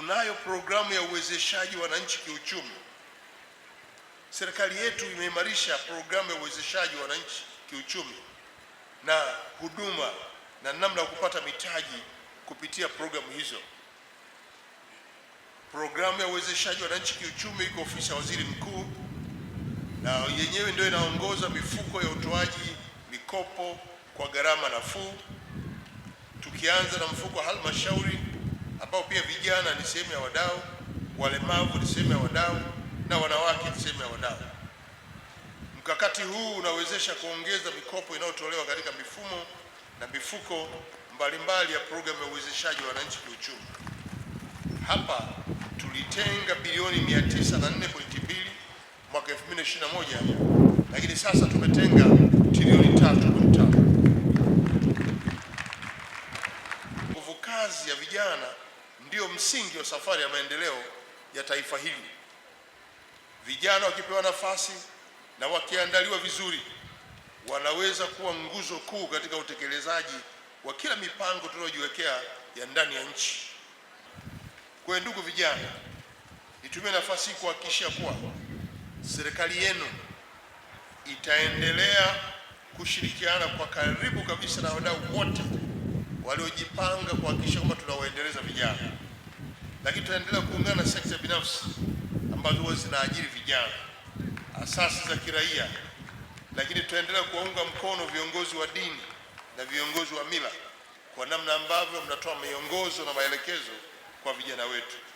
tunayo programu ya uwezeshaji wananchi kiuchumi. Serikali yetu imeimarisha programu ya uwezeshaji wananchi kiuchumi na huduma na namna ya kupata mitaji kupitia programu hizo. Programu ya uwezeshaji wananchi kiuchumi iko ofisi ya waziri mkuu, na yenyewe ndio inaongoza mifuko ya utoaji mikopo kwa gharama nafuu, tukianza na mfuko wa halmashauri ambao pia vijana ni sehemu ya wadau, walemavu ni sehemu ya wadau na wanawake ni sehemu ya wadau. Mkakati huu unawezesha kuongeza mikopo inayotolewa katika mifumo na mifuko mbalimbali ya programu ya uwezeshaji wa wananchi kiuchumi. Hapa tulitenga bilioni 904.2 mwaka 2021 lakini sasa tumetenga trilioni 3.5. Nguvu kazi ya vijana msingi wa safari ya maendeleo ya taifa hili. Vijana wakipewa nafasi na wakiandaliwa vizuri, wanaweza kuwa nguzo kuu katika utekelezaji wa kila mipango tunayojiwekea ya ndani ya nchi. Kwa ndugu vijana, nitumie nafasi hii kuhakikisha kuwa serikali yenu itaendelea kushirikiana kwa karibu kabisa na wadau wote waliojipanga kuhakikisha kwamba tunawaendeleza vijana lakini tunaendelea kuungana na sekta binafsi ambazo huwa zinaajiri vijana, asasi za kiraia, lakini tunaendelea kuwaunga mkono viongozi wa dini na viongozi wa mila kwa namna ambavyo mnatoa miongozo na maelekezo kwa vijana wetu.